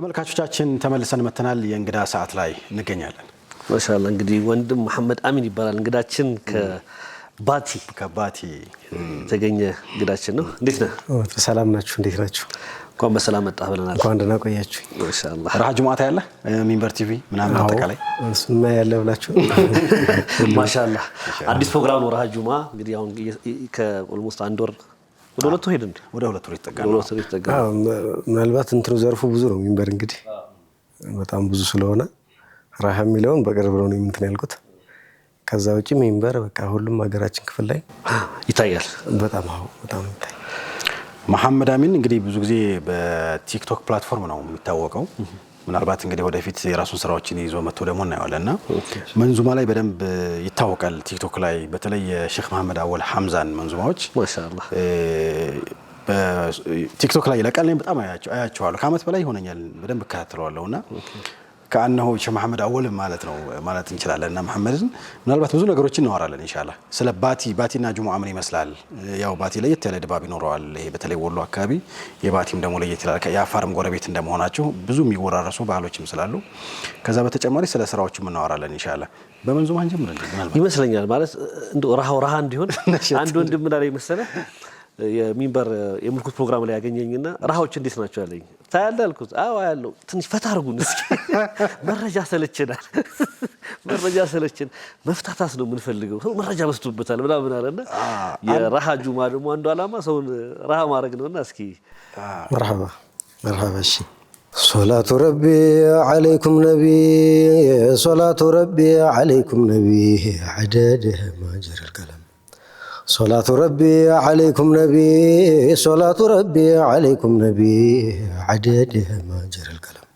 ተመልካቾቻችን ተመልሰን መተናል። የእንግዳ ሰዓት ላይ እንገኛለን። ማሻላ እንግዲህ ወንድም መሐመድ አሚን ይባላል እንግዳችን ከባቲ ከባቲ የተገኘ እንግዳችን ነው። እንዴት ነህ? ሰላም ናችሁ? እንዴት ናችሁ? እንኳን በሰላም መጣ ብለናል። እንኳን ደህና ቆያችሁ። ማሻላ ረሃ ጅማታ ያለ ሚንበር ቲቪ ምናምን አጠቃላይ እሱማ ያለ ብላችሁ ማሻላ አዲስ ፕሮግራም ነው ረሃ ጅማ እንግዲህ አሁን ከኦልሞስት አንድ ወር ወደ ሁለት ወር ሄድን። ወደ ሁለት ወር ይጠጋል። ምናልባት እንትኑ ዘርፉ ብዙ ነው ሚንበር እንግዲህ በጣም ብዙ ስለሆነ ራሃ የሚለውን በቅርብ ነው እንትን ያልኩት። ከዛ ውጭ ሚንበር በቃ ሁሉም ሀገራችን ክፍል ላይ ይታያል። በጣም አዎ፣ በጣም ይታያል። መሐመድ አሚን እንግዲህ ብዙ ጊዜ በቲክቶክ ፕላትፎርም ነው የሚታወቀው። ምናልባት እንግዲህ ወደፊት የራሱን ስራዎችን ይዞ መጥቶ ደግሞ እናየዋለን እና መንዙማ ላይ በደንብ ይታወቃል። ቲክቶክ ላይ በተለይ የሼክ መሀመድ አወል ሀምዛን መንዙማዎች ቲክቶክ ላይ ይለቃል። በጣም አያቸዋለሁ። ከአመት በላይ ይሆነኛል በደንብ እከታተለዋለሁ እና ከአነሆ ሸ መሐመድ አወልም ማለት ነው ማለት እንችላለን። እና መሐመድን ምናልባት ብዙ ነገሮችን እናወራለን እንሻላ ስለ ባቲ ባቲና ጁሙዓ ምን ይመስላል። ያው ባቲ ለየት ያለ ድባብ ይኖረዋል። ይሄ በተለይ ወሎ አካባቢ የባቲም ደግሞ ለየት ይላል። የአፋርም ጎረቤት እንደመሆናቸው ብዙ የሚወራረሱ ባህሎችም ስላሉ ከዛ በተጨማሪ ስለ ስራዎችም እናወራለን እንሻላ በመንዙማ ጀምር ይመስለኛል ማለት እንደው ረሃው ረሃ እንዲሆን አንድ ወንድም ምናለ መሰለህ የሚንበር የምልኩት ፕሮግራም ላይ ያገኘኝና ረሃዎች እንዴት ናቸው ያለኝ። ታያለህ አልኩት። አዎ ያለው ትንሽ ፈታ አርጉን እስኪ መረጃ ሰለችናል፣ መረጃ ሰለችን፣ መፍታታስ ነው የምንፈልገው። ሰው መረጃ በስቶበታል ምናምን አለና የረሃ ጁማ ደግሞ አንዱ ዓላማ ሰውን ረሃ ማድረግ ነውና እስኪ መርሐባ መርሐባ። እሺ ሶላቱ ረቢ ዓለይኩም ነቢ ሶላቱ ረቢ ዓለይኩም ነቢ ዐደደ ማጀረል ቀለም ሶላቱ ረቢ ዓለይኩም ነቢ ሶላቱ ረቢ ዓለይኩም ነቢ ዓደድ ማጀረል ቀለም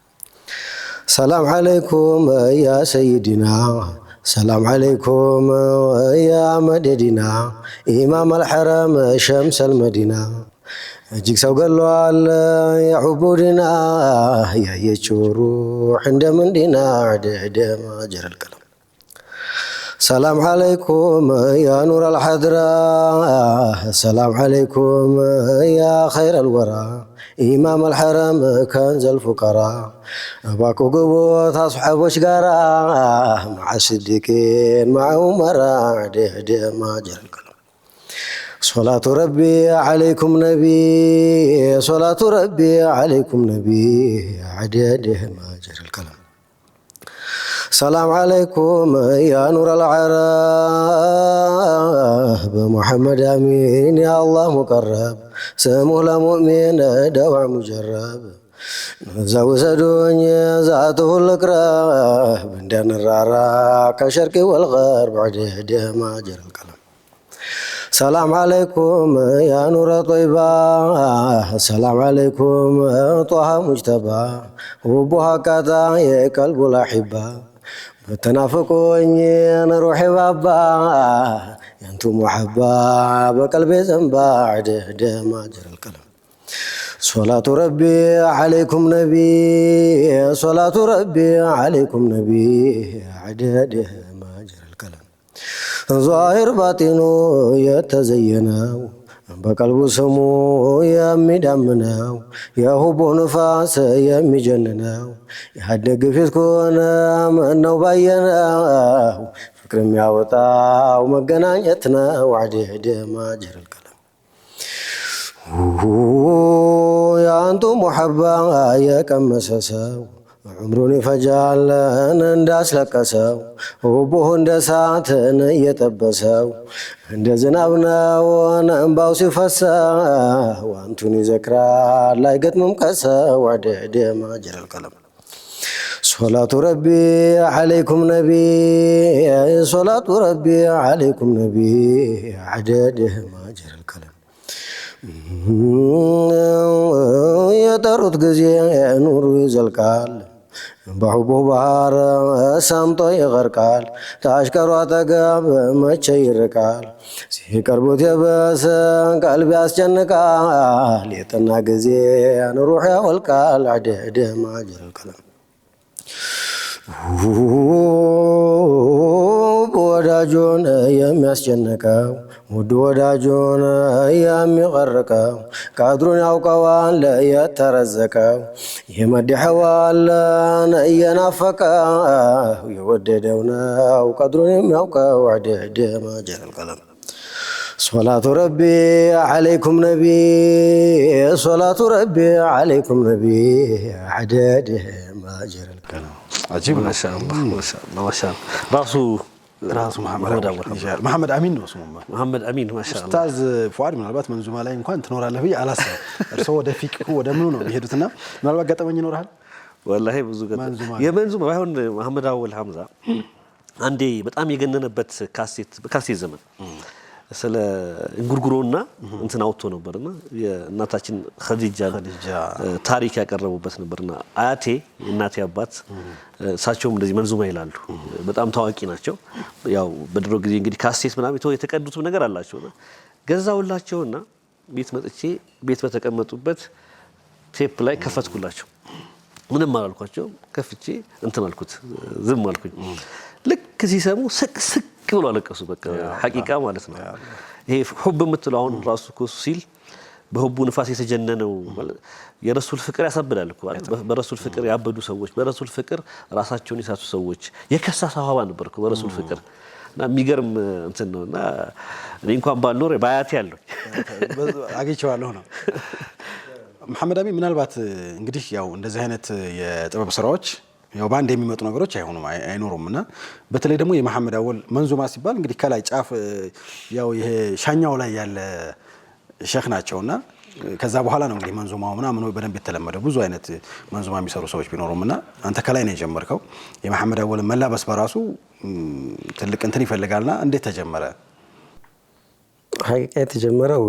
ሰላም ዓለይኩም ያ ሰይድና ሰላም ዓለይኩም ያ መደዲና ኢማም አልሐረም ሸምሰል መዲና እጅግ ሰው ገሏል የዕቡድና ያየችው ሩሕ እንደምንዲና ዓደድ ማጀረል ቀለም سلام عليكم يا نور الحضرة سلام عليكم يا خير الورى إمام الحرم كنز الفقراء باكو قبوة أصحاب وشقراء مع الصديقين مع عمر ده ده ما جرى القلم صلاة ربي عليكم نبي صلاة ربي عليكم نبي ده ما جرى القلم سلام عليكم يا نور العرب محمد امين يا الله مقرب سمو لمؤمن دوع مجرب زوزدوني زاته الكرب دان الرارا كشرق والغرب عجه ما جرى القلم سلام عليكم يا نور طيبة سلام عليكم طه مجتبى وبها كذا يا قلب الاحبه ብትናፍቁኝ ንሩሕ ባባ የንቱ ሙሐባ በቀልቤ ዘንባ ደማ ጀረል ቀለም ሶላቱ ረቢ ዓለይኩም ነቢ ሶላቱ ረቢ ዓለይኩም ነቢ ዕደድ ማጀረል ቀለም ዛሂር ባጢኑ የተዘየነው በቀልቡ ስሙ የሚዳምነው የሁቡ ንፋስ የሚጀንነው የሀደግ ፊት ከሆነ ምነው ባየነው ፍቅር የሚያወጣው መገናኘት ነው። ዋዕድ ሄደማ ጀረል የአንቱ ሙሐባ የቀመሰ ሰው እምሩን ይፈጃለን እንዳስለቀሰው ቡቡህ እንደ ሳትን እየጠበሰው እንደ ዝናብ ነው እንባው ሲፈሰው ዋንቱን ይዘክራል ላይ ገጥምም ቀሰ ወደ ደማ ጀረል ቀለም ሶላቱ ረቢ ዓለይኩም ነቢ ሶላቱ ረቢ ዓለይኩም ነቢ ዓደ ደማ ጀረል ከለም የጠሩት ጊዜ ኑሩ ይዘልቃል በሕቡ ባህር ሰምጦ ይቀርቃል ከአሽከሯ አጠገብ መቼ ይርቃል። ሲቀርቡት የበሰ ቀልብ ያስጨንቃል የጠና ጊዜ ሩሕ ያወልቃል አደደማ ጀልቀለም ወዳጁን የሚያስጨንቀው ውድ ወዳጁን የሚቀርቀው ቃድሩን ያውቀዋል የተረዘቀው የመድሐዋለን እየናፈቀ የወደደው ነው ቀድሩን የሚያውቀው ዕድዕድ ማጀረል ቀለም ሶላቱ ረቢ ዓለይኩም ነቢ ሶላቱ ረቢ ዓለይኩም ነቢ ዓደድ ማጀረል ቀለም ማሻአላህ ማሻአላህ ራሱ ራሱ መሐመድ አሚን ነው ስሙ። መሐመድ አሚን ማሻአላ። ኡስታዝ ፉአድ ምናልባት መንዙማ ላይ እንኳን ትኖራለህ ብዬ አላስብም። እርስዎ ወደ ፊቅሁ ወደ ምኑ ነው የሚሄዱት? የሚሄዱትና ምናልባት ገጠመኝ ይኖርሃል? ወላሂ ብዙ የመንዙማ ባይሆን መሐመድ አወል ሀምዛ አንዴ በጣም የገነነበት ካሴት በካሴት ዘመን ስለ እንጉርጉሮና እንትን አውጥቶ ነበርና የእናታችን ኸዲጃ ታሪክ ያቀረቡበት ነበርና አያቴ እናቴ አባት እሳቸውም እንደዚህ መንዙማ ይላሉ። በጣም ታዋቂ ናቸው። ያው በድሮ ጊዜ እንግዲህ ካሴት ምናምን የተቀዱትም ነገር አላቸውና ገዛውላቸውና ቤት መጥቼ ቤት በተቀመጡበት ቴፕ ላይ ከፈትኩላቸው። ምንም አላልኳቸው። ከፍቼ እንትን አልኩት፣ ዝም አልኩኝ። ልክ ሲሰሙ ስቅ ስቅ ብሎ አለቀሱ። በቃ ሐቂቃ ማለት ነው ይሄ ሁብ የምትለው አሁን ራሱ እኮ ሲል በሁቡ ንፋስ የተጀነነው የረሱል ፍቅር ያሳብዳል እኮ። በረሱል ፍቅር ያበዱ ሰዎች፣ በረሱል ፍቅር ራሳቸውን የሳቱ ሰዎች፣ የከሳ ሰሃባ ነበር በረሱል ፍቅር እና የሚገርም እንትን ነው። እና እኔ እንኳን ባልኖር በአያቴ አለኝ አግኝቼዋለሁ ነው መሐመድ አሚ ምናልባት እንግዲህ ያው እንደዚህ አይነት የጥበብ ስራዎች ያው በአንድ የሚመጡ ነገሮች አይሆኑም አይኖሩም እና በተለይ ደግሞ የመሐመድ አወል መንዙማ ሲባል እንግዲህ ከላይ ጫፍ ያው ይሄ ሻኛው ላይ ያለ ሼክ ናቸውና ከዛ በኋላ ነው እንግዲህ መንዙማው ምናምን በደንብ የተለመደ ብዙ አይነት መንዙማ የሚሰሩ ሰዎች ቢኖሩም እና አንተ ከላይ ነው የጀመርከው። የመሐመድ አወልን መላበስ በራሱ ትልቅ እንትን ይፈልጋልና እንዴት ተጀመረ? ሀቂቃ የተጀመረው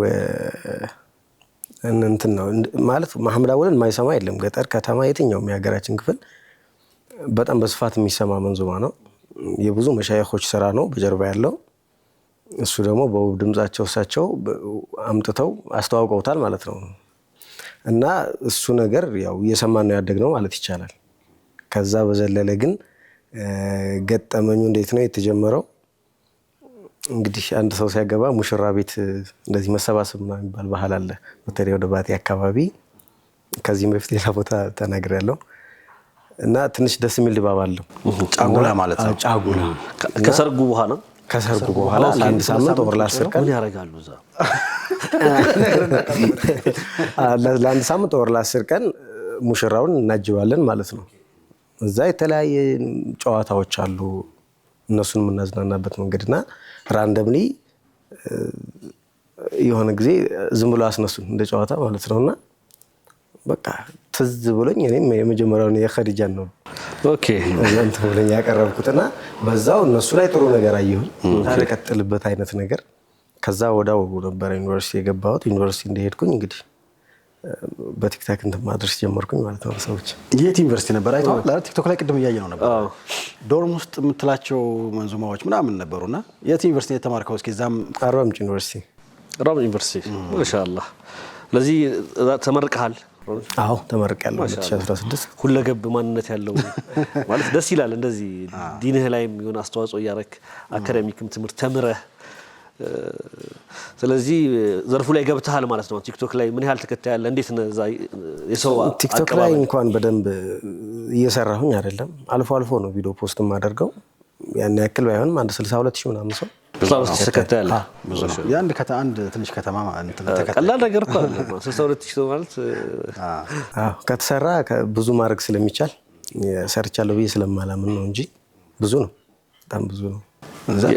እንትን ነው ማለት ማህምድ አወልን የማይሰማ የለም። ገጠር፣ ከተማ፣ የትኛውም የሀገራችን ክፍል በጣም በስፋት የሚሰማ መንዙማ ነው። የብዙ መሻየኮች ስራ ነው በጀርባ ያለው። እሱ ደግሞ በውብ ድምፃቸው እሳቸው አምጥተው አስተዋውቀውታል ማለት ነው። እና እሱ ነገር ያው እየሰማን ነው ያደግነው ማለት ይቻላል። ከዛ በዘለለ ግን ገጠመኙ እንዴት ነው የተጀመረው እንግዲህ አንድ ሰው ሲያገባ ሙሽራ ቤት እንደዚህ መሰባሰብ ምናምን የሚባል ባህል አለ፣ በተለይ ወደ ባቴ አካባቢ። ከዚህም በፊት ሌላ ቦታ ተናግሬያለሁ እና ትንሽ ደስ የሚል ድባብ አለው። ጫጉላ ማለት ነው። ጫጉላ ከሰርጉ በኋላ ከሰርጉ በኋላ ለአንድ ሳምንት ወር ለአስር ቀን ያደርጋሉ። ለአንድ ሳምንት ወር ለአስር ቀን ሙሽራውን እናጅባለን ማለት ነው። እዛ የተለያየ ጨዋታዎች አሉ እነሱን የምናዝናናበት መንገድና ራንደምሊ uh, የሆነ ጊዜ ዝም ብሎ አስነሱን እንደ ጨዋታ ማለት ነው። እና በቃ ትዝ ብሎኝ እኔም የመጀመሪያውን የኸዲጃን ነው እንትን ብሎኝ ያቀረብኩትና በዛው እነሱ ላይ ጥሩ ነገር አየሁኝ ቀጥልበት አይነት ነገር። ከዛ ወዳው ነበረ ዩኒቨርሲቲ የገባሁት ዩኒቨርሲቲ እንደሄድኩኝ እንግዲህ በቲክታክ እንትን ማድረስ ጀመርኩኝ ማለት ነው። ሰዎች የት ዩኒቨርሲቲ ነበር አይተዋል? ቲክቶክ ላይ ቅድም እያየ ነው ነበር። ዶርም ውስጥ የምትላቸው መንዙማዎች ምናምን ነበሩ። እና የት ዩኒቨርሲቲ የተማርከው? እስኪ እዛም አርባ ምንጭ ዩኒቨርሲቲ። አርባ ዩኒቨርሲቲ ማሻላ። ስለዚህ ተመርቀሃል? አዎ ተመርቄያለሁ። 2016 ሁለገብ ማንነት ያለው ማለት ደስ ይላል። እንደዚህ ዲንህ ላይም የሆነ አስተዋጽኦ እያረክ አካዳሚክም ትምህርት ተምረህ ስለዚህ ዘርፉ ላይ ገብተሃል ማለት ነው። ቲክቶክ ላይ ምን ያህል ተከታይ ያለ እንዴት ነዛ የሰው ቲክቶክ ላይ እንኳን በደንብ እየሰራሁኝ አይደለም። አልፎ አልፎ ነው ቪዲዮ ፖስት የማደርገው። ያን ያክል ባይሆንም አንድ 62 ሺህ ምናምን ሰው የአንድ ትንሽ ከተማ ቀላል ነገር ማለት ከተሰራ ብዙ ማድረግ ስለሚቻል ሰርቻለሁ ብዬ ስለማላምን ነው እንጂ ብዙ ነው፣ በጣም ብዙ ነው።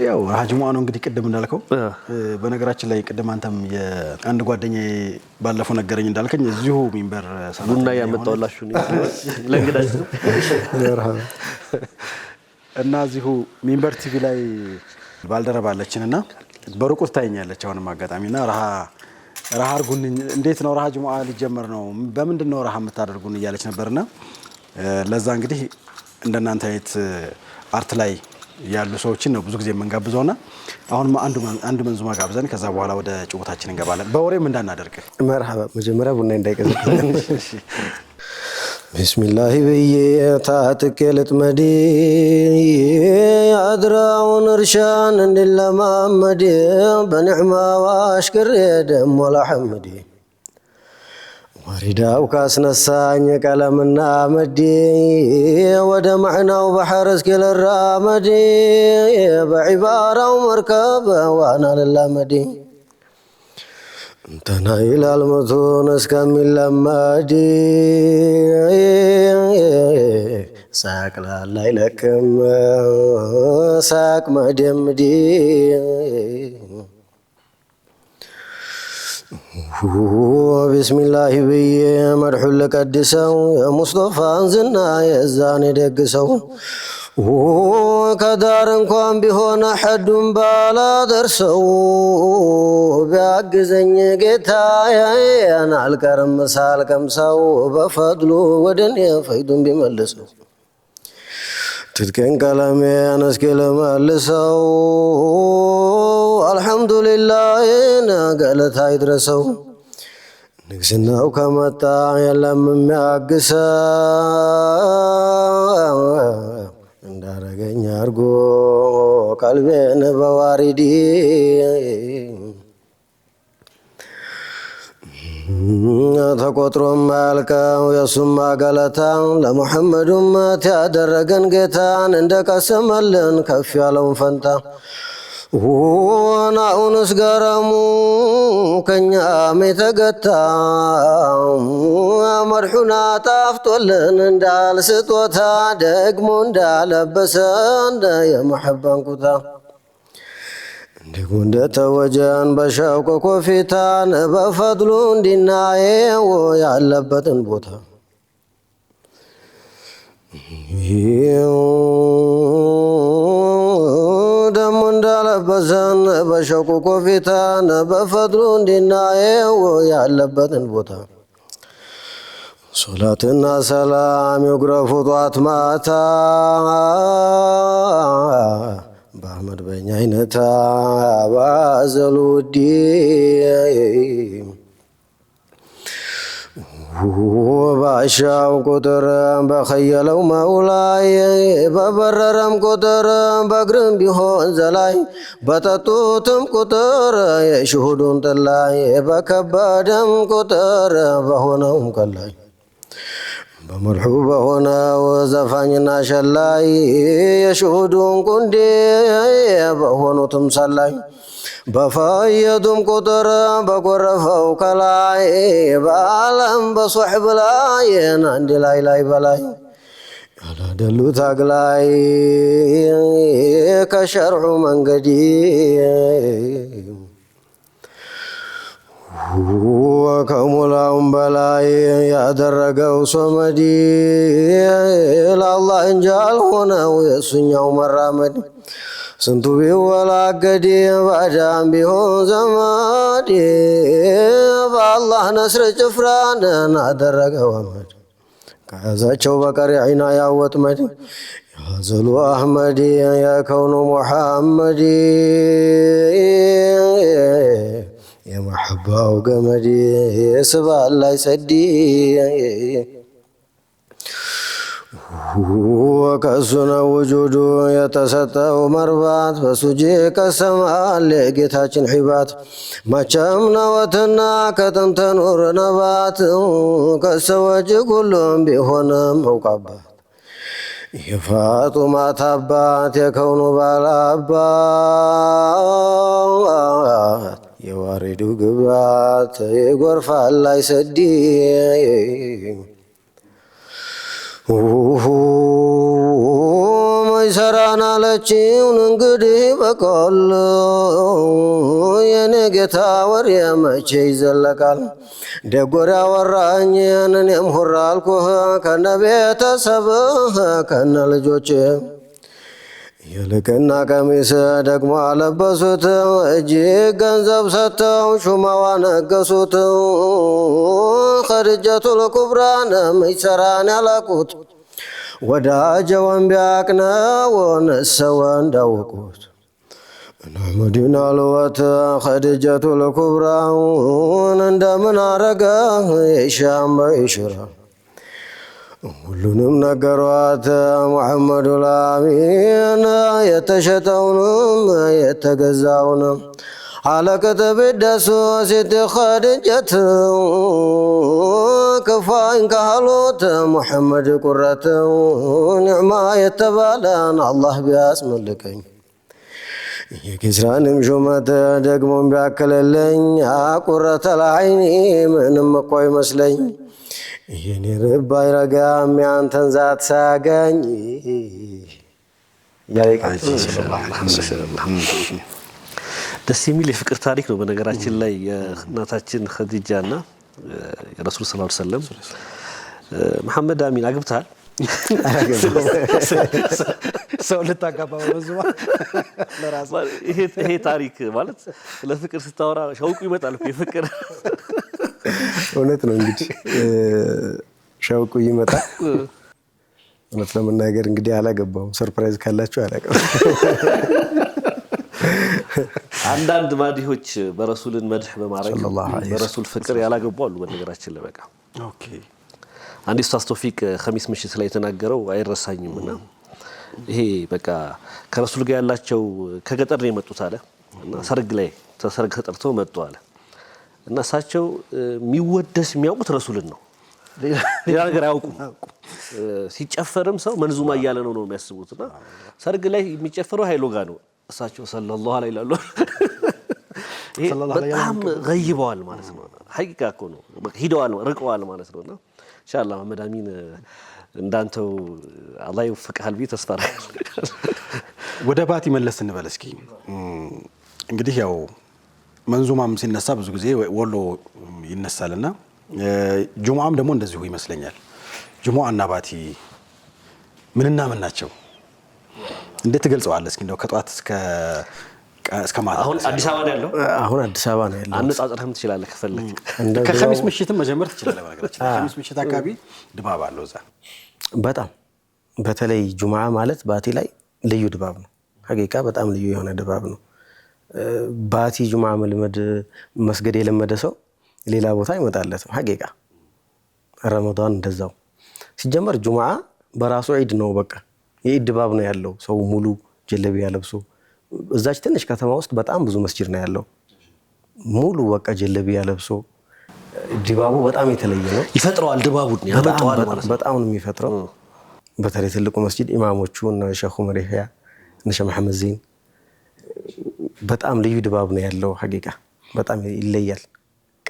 ያው ሀጅ እንግዲህ ቅድም እንዳልከው በነገራችን ላይ ቅድም አንተም የአንድ ጓደኛ ባለፈው ነገረኝ እንዳልከኝ እዚሁ ሚንበር ቡና ያመጣውላችሁ ለእንግዳችሁ እና እዚሁ ሚንበር ቲቪ ላይ ባልደረባ እና በሩቁ ትታየኛለች። አሁንም አጋጣሚ እና ረሃ ረሃ አድርጉን እንዴት ነው ረሃ ጅሙዓ ሊጀመር ነው በምንድን ነው ረሃ የምታደርጉን እያለች ነበርና ለዛ እንግዲህ እንደናንተ አይነት አርት ላይ ያሉ ሰዎችን ነው ብዙ ጊዜ የምንጋብዘው ና አሁን አንድ መንዙማ ጋብዘን ከዛ በኋላ ወደ ጭውታችን እንገባለን። በወሬም እንዳናደርግ መርሃባ መጀመሪያ ቡና እንዳይቀዘ ቢስሚላሂ ብዬ ታጥቄ ልጥመድ አድራውን እርሻን እንዲለማመድ በኒዕማ ዋሽክሬ ደሞ ላሐምድ ወሪዳው ካስነሳኝ ቀለምና መዲ ወደ ማዕናው ባሕር እስኪልራመድ በዒባራው መርከብ ዋና ልላመድ እንተና ይላል መቱን እስከሚለመድ ሳቅ ላላ አይለቅም ሳቅ መደምድ ቢስሚላህ ብዬ መድሑን ልቀድሰው የሙስጠፋን ዝና የዛን የደግሰው ከዳር እንኳን ቢሆን ሐዱን ባላደርሰው ቢያግዘኝ ጌታ ያያን አልቀርም ሳልቀምሰው በፈድሉ ወደን የፈይዱን ቢመልሰው ትጥቄን ቀለሜን እስኪ ልመልሰው አልሐምዱሊላህ ገለታ ይድረሰው። ንግስናው ከመጣ የለም የሚያግሰ እንዳረገኝ አርጎ ቀልቤን በዋሪዲ ተቆጥሮ ማያልቀው የሱማ ገለታ ለሙሐመድ ኡመት ያደረገን ጌታን እንደ ቀሰመልን ከፍ ያለውን ፈንታ ወናኡንስ ገረሙ ከኛም የተገታ መርሑና ጣፍጦልን እንዳል ስጦታ ደግሞ እንዳለበሰን የመሐባን ኩታ እንዲሁ እንደተወጀን በሸውቅ ኮፊታን በፈድሉ እንዲናየው ያለበትን ቦታ በሐዘን በሸቁቆ ፊታን በፈድሉ እንዲናየው ያለበትን ቦታ ሶላትና ሰላም ይጉረፉ ጧት ማታ በአህመድ በኛ አይነታ ባዘሉ ዲ ባሻው ቁጥር በኸየለው መውላይ በበረረም ቁጥር በእግርም ቢሆን ዘላይ በጠጡትም ቁጥር የሽሁዱን ጥላይ በከበደም ቁጥር በሆነውም ቀላይ በመልሑ በሆነው ዘፋኝና ሸላይ የሽሁዱን ቁንዴ በሆኑትም ሰላይ በፈየዱም ቁጥር በጎረፈው ከላይ በአለም በሶሕብ ላይ አንድ ላይ ላይ በላይ ያላደሉ ታግላይ ከሸርዑ መንገዲ ከሙላውም በላይ ያደረገው ሶመዲ ለአላህ እንጂ አልሆነው የእሱኛው መራመድ ስንቱ ቢወላገድ ባዳም ቢሆን ዘመድ በአላህ ነስር ጭፍራንን አደረገ ወመድ ከያዛቸው በቀር ዐይና ያወጥመድ ያዘሉ አህመድ የከውኑ ሙሐመድ የመሐባው ገመድ ስባል ላይ ሰዲ ወከሱ ነው ውጁዱ የተሰጠው መርባት በሱጂ ቀሰማል የጌታችን ሒባት መቸም ነወትና ከጥንተ ኑር ነባት ከሰዎች ሁሉም ቢሆንም እውቃባት የፋጡማት አባት የከውኑ ባላባት የዋሪዱ ግባት የጎርፋል ላይ ሰዲ መይሰራን አለችውን እንግዲህ በቆሎ የኔ ጌታ ወሬ መቼ ይዘለቃል? ደጎር ያወራኝ ያንን የምሁራልኩህ ከነ ቤተሰብህ ከነ ልጆች ይልቅና ቀሚስ ደግሞ አለበሱት፣ እጅግ ገንዘብ ሰጥተው ሹማዋ ነገሱት። ከድጀቱል ኩብራን ምሰራን ያላቁት ወዳጀ ወንቢያቅነውን ሰወን እንዳወቁት መዲና ልወት ከድጀቱል ኩብራን እንደምን አረገ የሻም በይሽራ ሁሉንም ነገሯት። ሙሐመዱ ላሚን የተሸጠውንም የተገዛውንም አለቀተ ቤደሱ ሴት ኸድጀት ክፋይን ካህሎት ሙሐመድ ቁረት ኒዕማ የተባለን አላህ ቢያስመልከኝ የኪስራንም ሹመት ደግሞ ቢያክልልኝ ቁረተ አይኒ ምንም እኮ ይመስለኝ የኔ ልብ አይረጋም ያንተን ዛት ሳያገኝ ደስ የሚል የፍቅር ታሪክ ነው። በነገራችን ላይ የእናታችን ኸዲጃ እና የረሱል ስ ሰለም መሐመድ አሚን አግብተሃል ሰው ልታጋባ በመዝባ ይሄ ታሪክ ማለት ለፍቅር ስታወራ ሸውቁ ይመጣል የፍቅር እውነት ነው እንግዲህ ሸውቁ ይመጣ። እውነት ለመናገር እንግዲህ አላገባውም። ሰርፕራይዝ ካላችሁ አላውቅም። አንዳንድ ማዲሆች በረሱልን መድህ በማድረግ በረሱል ፍቅር ያላገቡ አሉ። በነገራችን ለበቃ አንድ ኡስታዝ ቶፊቅ ከሚስ ምሽት ላይ የተናገረው አይረሳኝም እና ይሄ በቃ ከረሱል ጋር ያላቸው ከገጠር ነው የመጡት አለ እና ሰርግ ላይ ተሰርግ ተጠርቶ መጡ አለ እና እሳቸው የሚወደስ የሚያውቁት ረሱልን ነው፣ ሌላ ነገር አያውቁም። ሲጨፈርም ሰው መንዙማ እያለ ነው ነው የሚያስቡት። እና ሰርግ ላይ የሚጨፈረው ሀይሎ ጋ ነው። እሳቸው ሰለላሁ ዐለይሂ ይላሉ። በጣም ገይበዋል ማለት ነው። ሀቂቃ እኮ ነው። ሂደዋል፣ ርቀዋል ማለት ነው። እና እንሻላ መሐመድ አሚን እንዳንተው አላ ይወፍቅሃል ብዬ ተስፋ ወደ ባቲ መለስ እንበል እስኪ እንግዲህ ያው መንዙማም ሲነሳ ብዙ ጊዜ ወሎ ይነሳልና ጁሙአም ደግሞ እንደዚሁ ይመስለኛል። ጁሙአ እና ባቲ ምንና ምን ናቸው? እንዴት ትገልጸዋለህ? እስኪ እንደው ከጠዋት እስከ አሁን አዲስ አበባ ነው ያለው። አሁን አዲስ አበባ ነው ያለው። አነጻጽረህም ትችላለህ ከፈለግ ከከሚስ ምሽትም መጀመር ትችላለህ። በነገራችን ከሚስ ምሽት አካባቢ ድባብ አለው እዛ በጣም በተለይ ጁሙአ ማለት ባቲ ላይ ልዩ ድባብ ነው። ሀቂቃ በጣም ልዩ የሆነ ድባብ ነው። ባቲ ጁማ መልመድ መስገድ የለመደ ሰው ሌላ ቦታ አይመጣለትም። ሀቂቃ ረመዳን እንደዛው ሲጀመር ጁምዓ በራሱ ዒድ ነው። በቃ የዒድ ድባብ ነው ያለው። ሰው ሙሉ ጀለቢያ ለብሶ እዛች ትንሽ ከተማ ውስጥ በጣም ብዙ መስጂድ ነው ያለው። ሙሉ በቃ ጀለቢያ ለብሶ ድባቡ በጣም የተለየ ነው። ይፈጥረዋል፣ ድባቡ በጣም ነው የሚፈጥረው። በተለይ ትልቁ መስጂድ ኢማሞቹ እነ ሸኹ መሪሕያ እነ ሸህ መሐመድ ዜን በጣም ልዩ ድባብ ነው ያለው። ሀቂቃ በጣም ይለያል።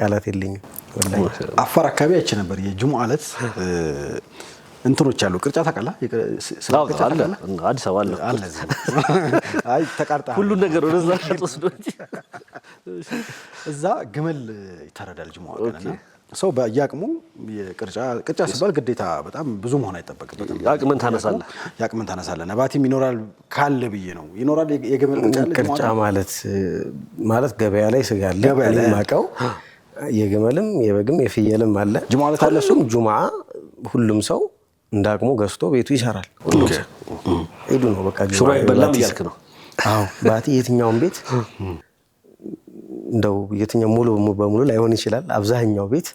ቃላት የለኝም። አፋር አካባቢ አይቼ ነበር የጅሙዓ ዕለት እንትኖች አሉ ቅርጫት አቃላ አዲስ ነገር ወደዛ እዛ ግመል ይታረዳል ጅሙዓ ቀንና ሰው በየአቅሙ የቅርጫ ቅርጫ ሲባል ግዴታ በጣም ብዙ መሆን አይጠበቅበትም። የአቅምን ታነሳለህ የአቅምን ታነሳለህ። ነባቲም ይኖራል ካለ ብዬ ነው ይኖራል። የገመድ ቅርጫ ማለት ማለት ገበያ ላይ ስጋ አለ ማቀው የግመልም የበግም የፍየልም አለ። ጁማ ዕለት አለ። እሱም ጁማ ሁሉም ሰው እንደ አቅሙ ገዝቶ ቤቱ ይሰራል። ሁሉም ሰው ሄዱ ነው በቃ ሹራ ይበላል እያልክ ነው? አዎ ባቲ የትኛውን ቤት እንደው የትኛው ሙሉ በሙሉ ላይሆን ይችላል። አብዛኛው ቤት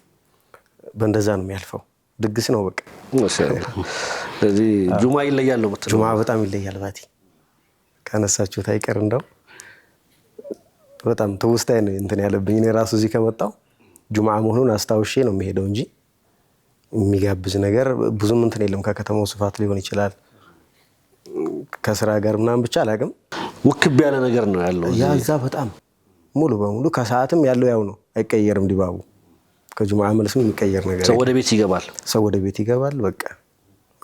በእንደዛ ነው የሚያልፈው። ድግስ ነው በቃ። ስለዚህ ጁማ ይለያል ነው ጁማ በጣም ይለያል። ባቲ ከነሳችሁት አይቀር እንደው በጣም ትውስታይ ነው እንትን ያለብኝ። እኔ ራሱ እዚህ ከመጣው ጁማ መሆኑን አስታውሼ ነው የሚሄደው እንጂ የሚጋብዝ ነገር ብዙም እንትን የለም። ከከተማው ስፋት ሊሆን ይችላል ከስራ ጋር ምናምን ብቻ አላቅም። ውክብ ያለ ነገር ነው ያለው ያዛ በጣም ሙሉ በሙሉ ከሰዓትም ያለው ያው ነው፣ አይቀየርም። ድባቡ ከጁምዓ መልስም የሚቀየር ነገር ሰው ወደ ቤት ይገባል፣ ሰው ወደ ቤት ይገባል። በቃ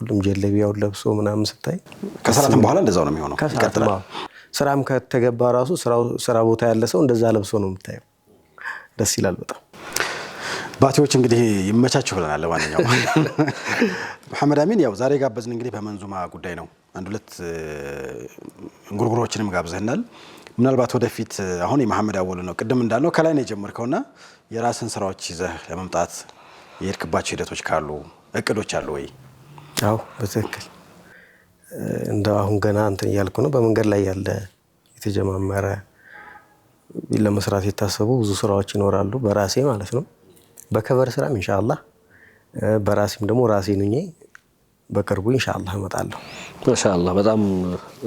ሁሉም ጀለቢያውን ለብሶ ምናምን ስታይ ከሰዓትም በኋላ እንደዛው ነው የሚሆነው፣ ከሰዓትም ስራም ከተገባ ራሱ ስራ ቦታ ያለ ሰው እንደዛ ለብሶ ነው የምታየው። ደስ ይላል በጣም። ባቴዎች እንግዲህ ይመቻችሁ ብለናል። ለማንኛውም መሐመድ አሚን ያው ዛሬ ጋበዝን እንግዲህ በመንዙማ ጉዳይ ነው። አንድ ሁለት እንጉርጉሮችንም ጋብዘህናል። ምናልባት ወደፊት አሁን የመሐመድ አወሉ ነው ቅድም እንዳልነው ከላይ ነው የጀመርከውና የራስን ስራዎች ይዘህ ለመምጣት የሄድክባቸው ሂደቶች ካሉ እቅዶች አሉ ወይ? አዎ በትክክል እንደ አሁን ገና እንትን እያልኩ ነው። በመንገድ ላይ ያለ የተጀማመረ ለመስራት የታሰቡ ብዙ ስራዎች ይኖራሉ። በራሴ ማለት ነው በከበር ስራም ኢንሻአላህ በራሴም ደግሞ ራሴ ኑኜ በቅርቡ ኢንሻአላህ እመጣለሁ። ማሻአላህ በጣም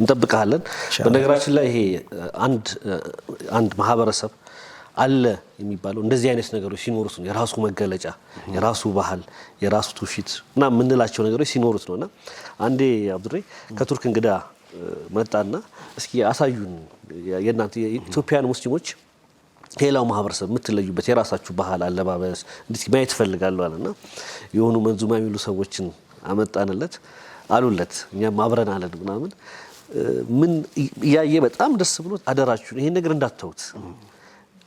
እንጠብቃለን። በነገራችን ላይ ይሄ አንድ አንድ ማህበረሰብ አለ የሚባለው እንደዚህ አይነት ነገሮች ሲኖሩት ነው። የራሱ መገለጫ፣ የራሱ ባህል፣ የራሱ ትውፊት እና የምንላቸው ነገሮች ሲኖሩት ነው እና አንዴ አብዱሬ ከቱርክ እንግዳ መጣና እስኪ አሳዩን የእናንተ የኢትዮጵያን ሙስሊሞች ከሌላው ማህበረሰብ የምትለዩበት የራሳችሁ ባህል፣ አለባበስ እንዲህ ማየት እፈልጋለሁ አለና የሆኑ መንዙማ የሚሉ ሰዎችን አመጣንለት አሉለት። እኛም አብረን አለን ምናምን ምን እያየ በጣም ደስ ብሎ አደራችሁን ይሄን ነገር እንዳታዩት።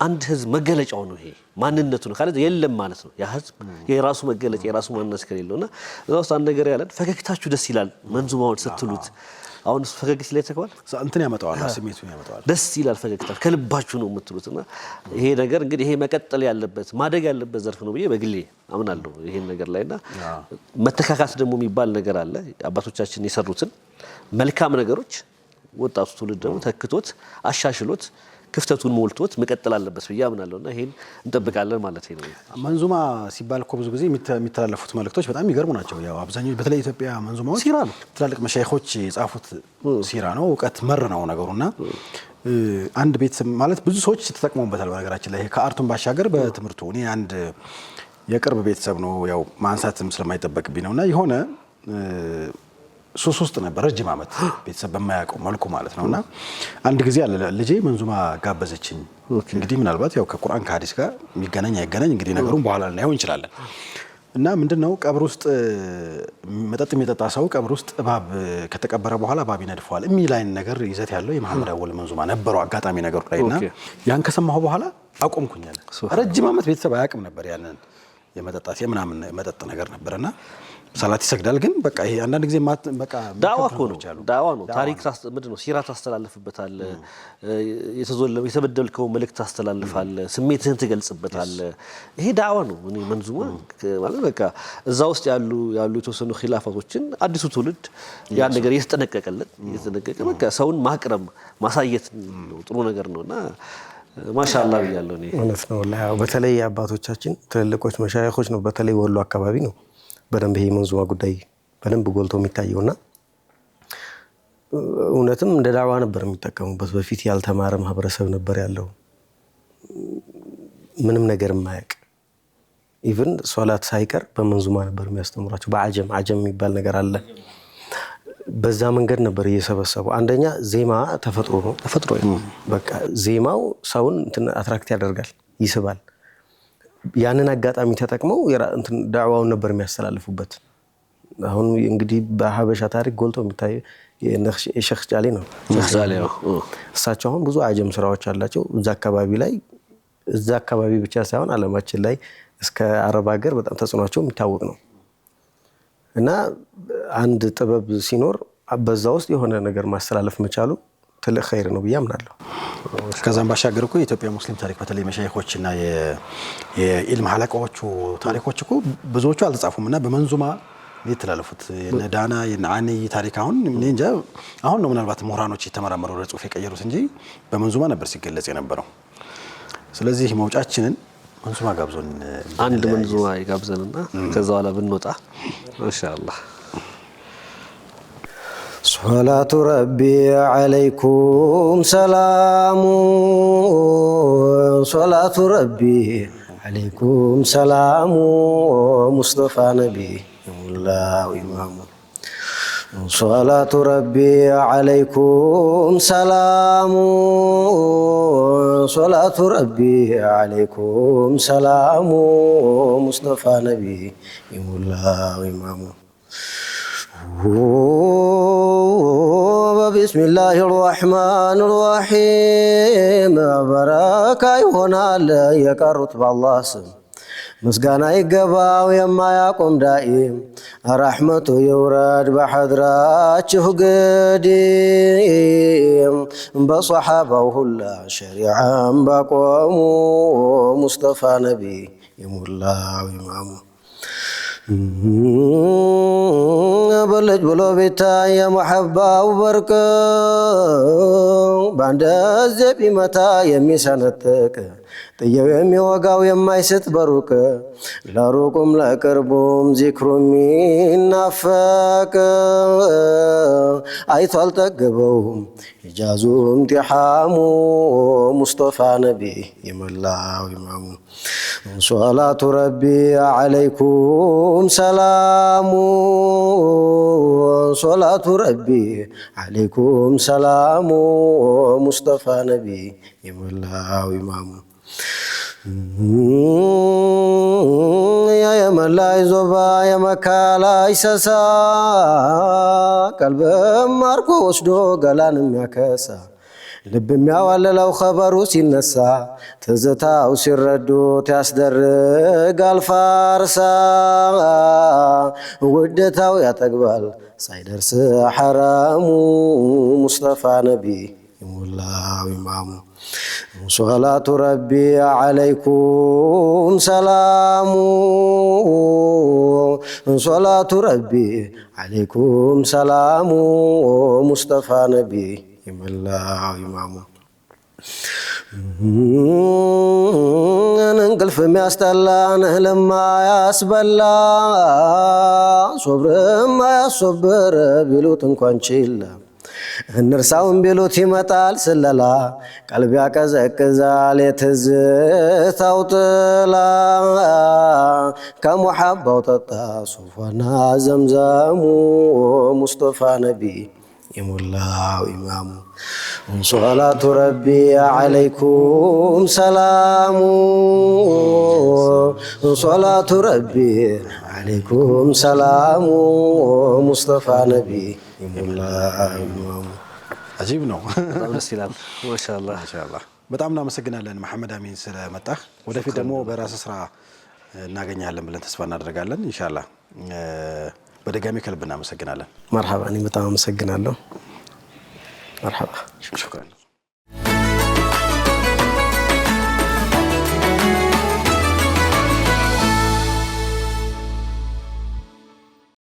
አንድ ህዝብ መገለጫው ነው ይሄ ማንነቱ ነው ካለ የለም ማለት ነው። ያ ህዝብ የራሱ መገለጫ የራሱ ማንነት ከሌለውና እዛ ውስጥ አንድ ነገር ያለን ፈገግታችሁ ደስ ይላል መንዙማውን ስትሉት አሁን እሱ ፈገግ ሲል አይተከዋል እንትን ያመጣዋል፣ ስሜቱን ያመጣዋል። ደስ ይላል ፈገግታ ከልባችሁ ነው የምትሉት። እና ይሄ ነገር እንግዲህ ይሄ መቀጠል ያለበት ማደግ ያለበት ዘርፍ ነው ብዬ በግሌ አምናለሁ ይሄን ነገር ላይ እና መተካካት ደግሞ የሚባል ነገር አለ። አባቶቻችን የሰሩትን መልካም ነገሮች ወጣቱ ትውልድ ደግሞ ተክቶት አሻሽሎት ክፍተቱን ሞልቶት መቀጠል አለበት ብዬ አምናለሁ እና ይሄን እንጠብቃለን ማለት ነው። መንዙማ ሲባል እኮ ብዙ ጊዜ የሚተላለፉት መልእክቶች በጣም የሚገርሙ ናቸው። ያው አብዛኛው በተለይ ኢትዮጵያ መንዙማዎች ሲራ ነው፣ ትላልቅ መሻይኮች የጻፉት ሲራ ነው። እውቀት መር ነው ነገሩና አንድ ቤት ማለት ብዙ ሰዎች ተጠቅመውበታል። በነገራችን ላይ ከአርቱን ባሻገር በትምህርቱ እኔ አንድ የቅርብ ቤተሰብ ነው ያው ማንሳትም ስለማይጠበቅብኝ ነውና የሆነ ሱስ ውስጥ ነበር ረጅም ዓመት ቤተሰብ በማያውቀው መልኩ ማለት ነው። እና አንድ ጊዜ አለ ልጄ መንዙማ ጋበዘችኝ። እንግዲህ ምናልባት ያው ከቁርአን ከሀዲስ ጋር የሚገናኝ አይገናኝ እንግዲህ ነገሩን በኋላ ልናየው እንችላለን። እና ምንድን ነው ቀብር ውስጥ መጠጥ የሚጠጣ ሰው ቀብር ውስጥ እባብ ከተቀበረ በኋላ እባብ ይነድፈዋል የሚል አይነት ነገር ይዘት ያለው የመሐመድ አወል መንዙማ ነበረው አጋጣሚ ነገሩ ላይ እና ያን ከሰማሁ በኋላ አቆምኩኛል። ረጅም ዓመት ቤተሰብ አያውቅም ነበር ያንን የመጠጣት የምናምን መጠጥ ነገር ነበርና ሰላት ይሰግዳል። ግን በቃ ይሄ አንዳንድ ጊዜ ዳዋ እኮ ነው፣ ዳዋ ነው። ታሪክ ምንድን ነው? ሲራ ታስተላልፍበታል። የተዞለም የተበደልከው መልእክት ታስተላልፋል። ስሜትህን ትገልጽበታል። ይሄ ዳዋ ነው። እኔ መንዙማ ማለት በቃ እዛ ውስጥ ያሉ ያሉ የተወሰኑ ኪላፋቶችን አዲሱ ትውልድ ያን ነገር እየተጠነቀቀለት mm. እየተጠነቀቀ mm. በቃ ሰውን ማቅረብ ማሳየት mm. ጥሩ ነገር ነው እና ማሻላ ብያለሁ። እውነት ነው። በተለይ አባቶቻችን ትልልቆች መሻየኮች ነው። በተለይ ወሎ አካባቢ ነው በደንብ ይሄ የመንዙማ ጉዳይ በደንብ ጎልቶ የሚታየው እና እውነትም እንደ ዳዋ ነበር የሚጠቀሙበት። በፊት ያልተማረ ማህበረሰብ ነበር ያለው፣ ምንም ነገር የማያውቅ ኢቭን ሶላት ሳይቀር በመንዙማ ነበር የሚያስተምራቸው። በአጀም አጀም የሚባል ነገር አለ። በዛ መንገድ ነበር እየሰበሰቡ። አንደኛ ዜማ ተፈጥሮ ነው፣ ተፈጥሮ በቃ ዜማው ሰውን አትራክት ያደርጋል፣ ይስባል። ያንን አጋጣሚ ተጠቅመው ዳዕዋውን ነበር የሚያስተላልፉበት። አሁን እንግዲህ በሀበሻ ታሪክ ጎልቶ የሚታየ የሸክ ጫሌ ነው። እሳቸው አሁን ብዙ አጀም ስራዎች አላቸው። እዛ አካባቢ ላይ እዛ አካባቢ ብቻ ሳይሆን አለማችን ላይ እስከ አረብ ሀገር በጣም ተጽዕኗቸው የሚታወቅ ነው እና አንድ ጥበብ ሲኖር በዛ ውስጥ የሆነ ነገር ማስተላለፍ መቻሉ ትልቅ ኸይር ነው ብዬ አምናለሁ። ከዛም ባሻገር እኮ የኢትዮጵያ ሙስሊም ታሪክ በተለይ መሻይኮችና የኢልም ሀለቃዎቹ ታሪኮች እኮ ብዙዎቹ አልተጻፉም እና በመንዙማ የተላለፉት የነዳና የነአኒ ታሪክ አሁን እንጃ አሁን ነው ምናልባት ምሁራኖች የተመራመሩ ወደ ጽሁፍ የቀየሩት እንጂ በመንዙማ ነበር ሲገለጽ የነበረው። ስለዚህ መውጫችንን መንዙማ ጋብዞን አንድ መንዙማ ይጋብዘንና ከዛ በኋላ ብንወጣ ኢንሻአላህ صلاة ربي عليكم سلام صلاة ربي عليكم سلام مصطفى نبي الله إمام صلاة ربي عليكم سلام صلاة ربي عليكم سلام مصطفى نبي الله إمام በቢስሚላህ ራሕማን ራሒም በረካ ይሆናል የቀሩት በአላህ ስም ምስጋና ይገባው የማያቆም ዳኢም ረሕመቱ ይውረድ በሐድራችሁ ግዲም በሰሓባው ሁላ ሸሪዓም ባቆሙ ሙስጠፋ ነቢ የሙላው ኢማሙ በለጭ ብሎ ቤታ የመሐባው በርቅ በአንድ ዘብ ይመታ የሚሰነጥቅ ጥየው የሚወጋው የማይስት በሩቅ ለሩቁም ለቅርቡም ዚክሩ የሚናፈቅ አይቶ አልጠግበውም ሂጃዙም ቲሓሙ ሙስጠፋ ነቢ ይመላው ይማሙ ሶላቱ ረቢ ዓለይኩም ሰላሙ ሶላቱ ረቢ ዓለይኩም ሰላሙ ሙስጠፋ ነቢ የመላው ኢማሙ የመላ ዞባ የመካላ ይሰሳ ቀልብም አርጎ ወስዶ ገላን የሚያከሳ ልብ የሚያዋልለው ኸበሩ ሲነሳ ትዝታው ሲረዱት ያስደርጋል ፋርሳ ውደታው ያጠግባል ሳይደርስ ሐራሙ ሙስጠፋ ነቢ ሙላው ኢማሙ ሶላቱ ረቢ ዓለይኩም ሰላሙ ሶላቱ ረቢ ዓለይኩም ሰላሙ ሙስጠፋ ነቢ የመላው ኢማሙ እንቅልፍ የሚያስጠላን ህልም ያስበላ ሶብርም ያሶብር ቢሉት እንኳን ችላ እንርሳውን ቢሉት ይመጣል ስለላ ቀልብ ያቀዘቅዛል የትዝታው ጥላ ከሙሐባው ጠጣ ሱፏና ዘምዛሙ ሙስጠፋ ነቢ የሞላው ኢማሙ ሶላቱ ረቢ ዓለይኩም ሰላሙ ሶላቱ ረቢ ዓለይኩም ሰላሙ ሙስጠፋ ነቢ አጂብ ነው። ደስ ይላል። ማሻአላህ በጣም እናመሰግናለን መሐመድ አሚን ስለመጣ። ወደፊት ደግሞ በራስ ስራ እናገኛለን ብለን ተስፋ እናደርጋለን እንሻላ በድጋሚ ከልብ እናመሰግናለን። መርሐባ። እኔም በጣም አመሰግናለሁ። መርሐባ።